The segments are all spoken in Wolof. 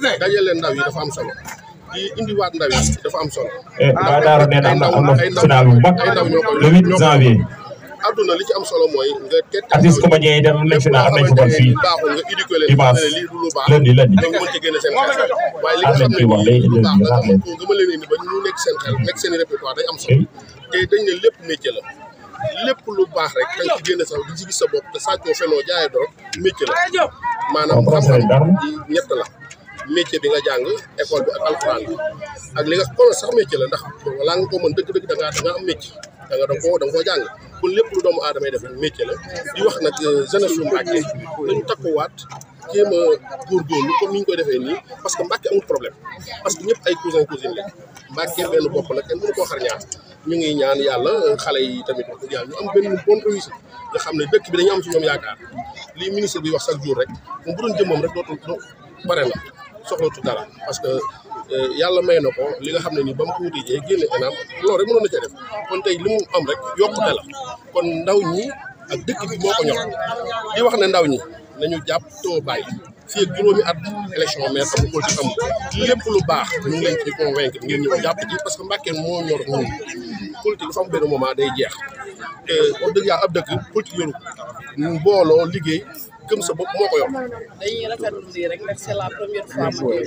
dajale ndaw yi dafa am solo di indiwaat ndaw yi dafa am solo. Ba Daara nee na am na am na final bu mag a 8 janvier. adduna li ci am solo mooy nga tet artiste comédien yi dem nañ final am nañ football fii dimanche lundi lundi nga mën ci génne seen xel li nga lu baax la nga ko gëma leen indi ba ñu nekk seen xel nekk te dañ lépp métier la lépp lu baax rek da nga ci génne sax di ci gis sa bopp te sàccoo fenoo jaayee dorog métier la maanaam xam-xam ñett la métier bi nga jàng école bi ak alxuraan bi ak li nga konoon sax métier la ndax laa nga ko mën dëkk dëgg da ngaa da nga am métier da nga da nga jàng kon lépp lu doomu aadama yi def métier la di wax nag euh, jeunesse su Mbàkke nañu takkuwaat jéem a comme ni ñu koy defee nii parce que Mbàkke amul problème parce que ñëpp ay cousin cousine la Mbàkke benn koo xar ñaar ngi ñaan yàlla euh, xale yi tamit wax dëgg am benn bonne xam ne dëkk bi dañu am ci ñoom yaakaar lii ministre bi wax chaque jour rek moom bu doon jëmmam rek dootul do bare na soxlatu dara parce que euh, yàlla may na ko li nga xam ne nii ba mu ko wutee jee génne ENAM lool rek mënoon na cee def kon tey li mu am rek yokkute la kon ndaw ñi ak dëkk bi moo ko ñor di wax ne ndaw ñi nañu jàpp too bàyyi fii ak juróomi at élection maire amul politique amul lépp lu baax ñu ngi leen ci convaincre ngeen ñëw jàpp ci parce que Mbàkke moo ñor ñun politique dafa am benn moment day jeex te wax dëgg ab dëkk politique yoru mbooloo liggéey gëm sa bopp moo ko yor. dañuy rafetlu lii rek ndax c'est la première fois ma ñëw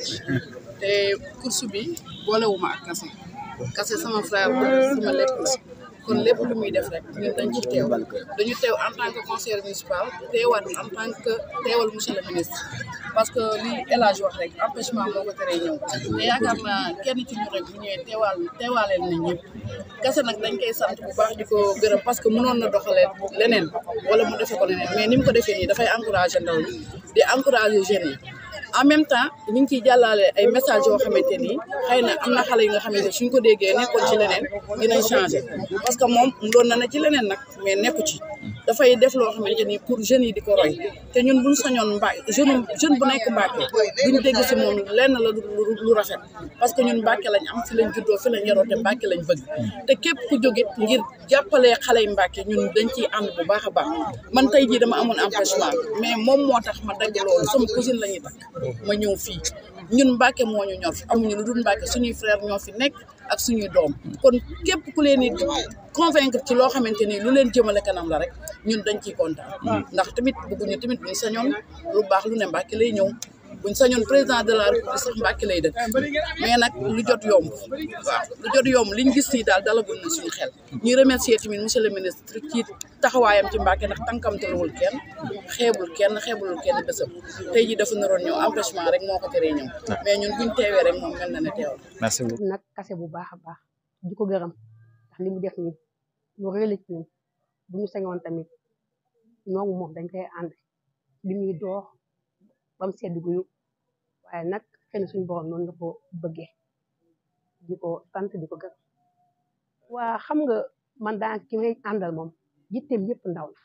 te course bi boolewuma ak kase kase sama frère sama lépp la. kon lépp lu muy def rek ñun dañ ci teew dañu teew en tant que conseiller municipal teewaat en tant que teewal monsieur le ministre parce que li El Hadj rek empêchement moo ñëw te yaakaar kenn ci ñu rek bu ñëwee teewaal teewaaleel nañ ñëpp kese nag dañ koy sant bu baax di ko gërëm parce que mënoon na doxalee leneen wala mu defe ko leneen mais ni mu ko defee nii dafay encouragé ndaw ñi di encouragé jeunes yi en même temps ñu ngi ciy jàllale ay message yoo xamante ni xëy na am na xale yi nga xamante suñ ko déggee nekkoon ci leneen dinañ changé parce que moom doon na na ci leneen nag mais nekku ci dafay def loo xamante ni pour jeunes yi di ko roy te ñun buñ sañoon Mbacke jeune jeune bu nekk Mbacke duñ dégg si moom lenn la lu rafet parce que ñun Mbacke lañ am fi lañ juddoo fi lañ yaroo te Mbacke lañ bëgg te képp ku jógit ngir jàppale xale mbaake Mbacke ñun dañ ci ànd bu baax a baax man tey jii dama amoon empêchement mais moom moo tax ma dagg loolu sama cousine la ñuy takk ma ñëw fii ñun Mbàkke moo ñu ñor amuñu lu dul Mbàkke suñuy frère ñoo fi nekk ak suñuy doom kon képp ku leen di convaincre ci loo xamante ni lu leen jëmale kanam la rek ñun dañ ciy kontaan. Mm. ndax tamit bëgguñu tamit buñ sañoon lu baax lu ne mbaake lay ñëw. buñ sañoon président de la république sax Mbàkke lay de mais nag lu jot yomb waaw lu jot yomb liñ gis nii daal dalaguñ na suñu xel ñuy remercier tamit monsieur le ministre ci taxawaayam ci Mbàkke ndax tànkamtaluwul kenn xeebul kenn xeebulul kenn bésam tey ji dafa naroon ñëw empêchement rek moo ko teree ñëw mais ñun buñ teewee rek moom nag kase bu baax a baax di ko gërëm ndax li mu def bu ñu sañoon tamit ñoomu moom dañ koy ànd li muy doox bam sedd guyu waaye nag xëy na suñu borom noonu la ko bëggee di ko sant di ko gërëm waa xam nga man daa ki may àndal moom yitteem yëpp ndaw la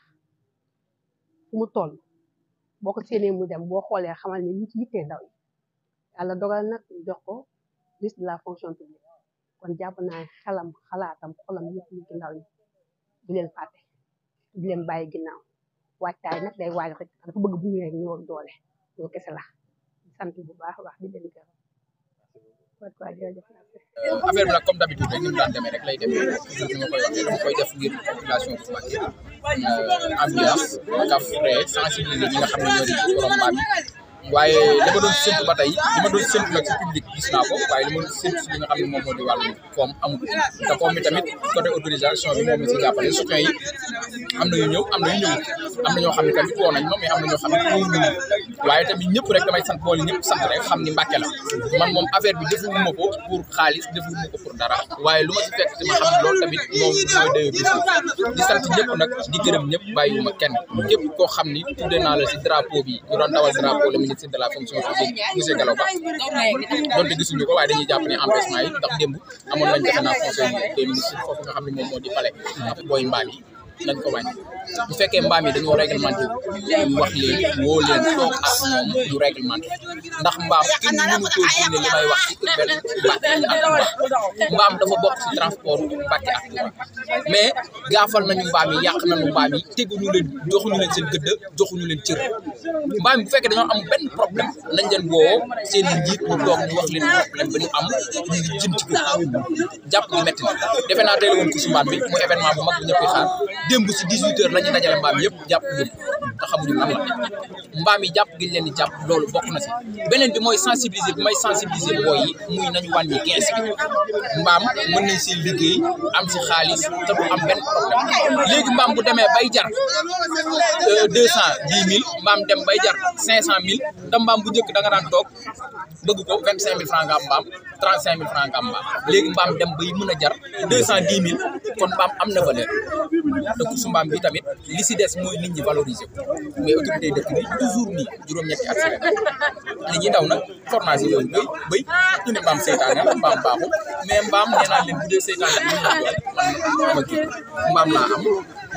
fu mu toll boo ko séenee mu dem boo xoolee xamal ne ci yittee ndaw yi yàlla dogal nag jox ko liste de la fonction publique kon jàpp naa xelam xalaatam xolam yëpp ci ndaw yi du leen fàtte du leen bàyyi ginnaaw waajtaay nag day waaj rek dafa bëgg bu ñëwee ñëw doole loolu kese la sant bu baax wax di leen gërëm waaw waaw jërëjëf. Euh, affaire bi nag comme d'habitude rek ni daan demee rek lay demee ni ma koy waxee dama koy def ngir population bu mag euh, ambiance ak frais sensibiliser nga xam ne ñoo di borom mbaam yi waaye li ma ba tey li ma doon séntu nag ci public gis naa ko waaye li ma seen si li nga xam ne moom moo di wàllu koom amul te koom bi tamit côté autorisation moom la am na ñu am na ñu ñëw am na ñoo xam ne tamit woo nañ ma mais am na ñoo xam ne tamit ñëpp rek damay xam ni Mbàkke la man moom affaire bi defuma ko pour ko pour dara waaye lu ma si fekk si ma xam loolu tamit moom mooy dayo bis di sant ñëpp nag di gërëm ñëpp bàyyiwuma kenn koo xam ni tudde naa bi ñu doon la fonction donte gisuñu ko waaye dañuy jàpp ne empêchement yi ndax démb amoon nañ defe naa conseil des ministres foofu nga xam ne moom di palais booy mbaal yi lañ ko wàññi bu fekkee mbaam yi dañoo réglementé ñu wax leen woo leen toog ak moom ñu réglementé ndax mbaam kenn mënu koo génne li may wax ci benn bàq mbaam dafa bokk ci transport bàqe ak mais gaafal nañu mbaam yi yàq nañu mbaam yi teguñu leen joxuñu leen seen gëdd joxuñu leen cër mbaam yi bu fekkee dañoo am benn problème nañ leen woo seen njiit ñu toog ñu wax leen problème ba ñu am ñu ngi jëm ci ko jàpp ñu métti na defe naa teel woon ko ci mbaam bi mu événement bu mag bu ñëpp xaar démb si 18 heures la ñu dajale mbaam yëpp jàpp te xamuñu lan la mbaam yi jàpp giñ leen di jàpp loolu bokk na si beneen bi mooy sensibiliser bi may sensibiliser booy yi muy nañu wàññi kees gi mbaam mën nañ si liggéey am si xaalis te du am benn léegi mbaam bu demee bay jar euh, deux cent dix mbaam dem bay jar cinq cent mille te mbaam bu njëkk da daan toog bëgg ko vingt cinq mille mbaam trente cinq mille franc am mbaam léegi mbaam dem bay mun a jar deux cent dix mille kon mbaam am na valeur donc su mbaam bi tamit li si des mooy nit ñi valoriser mais autorité de dëkk bi toujours nii juróom-ñetti at si li ñuy daw nag formation yooyu béy béy ñu ne mbaam seytaane la mbaam mais mbaam nee naa leen bu dee ma kii mbaam laa am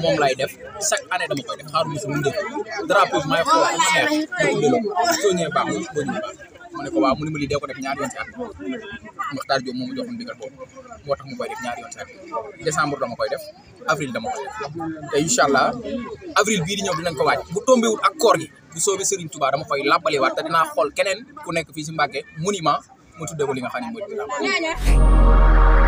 moom lay def chaque année dama koy def xaaruma si mu njëkk drapeau bi may xool ma neex ma tuddee la soo ñëwee baaxul ko waaw mu ne ma lii Makhtar Diop moomu joxoon ndigal boobu moo tax mu koy def ñaari yoon sax décembre dama koy def avril dama koy def te incha allah avril bii di ñëw dinañ ko waaj bu tombé wul ak koor gi bu soobee Serigne Touba dama koy làbbaliwaat te dinaa xool keneen ku nekk fii si Mbàkke monument mu tuddee ko li nga xam ne mooy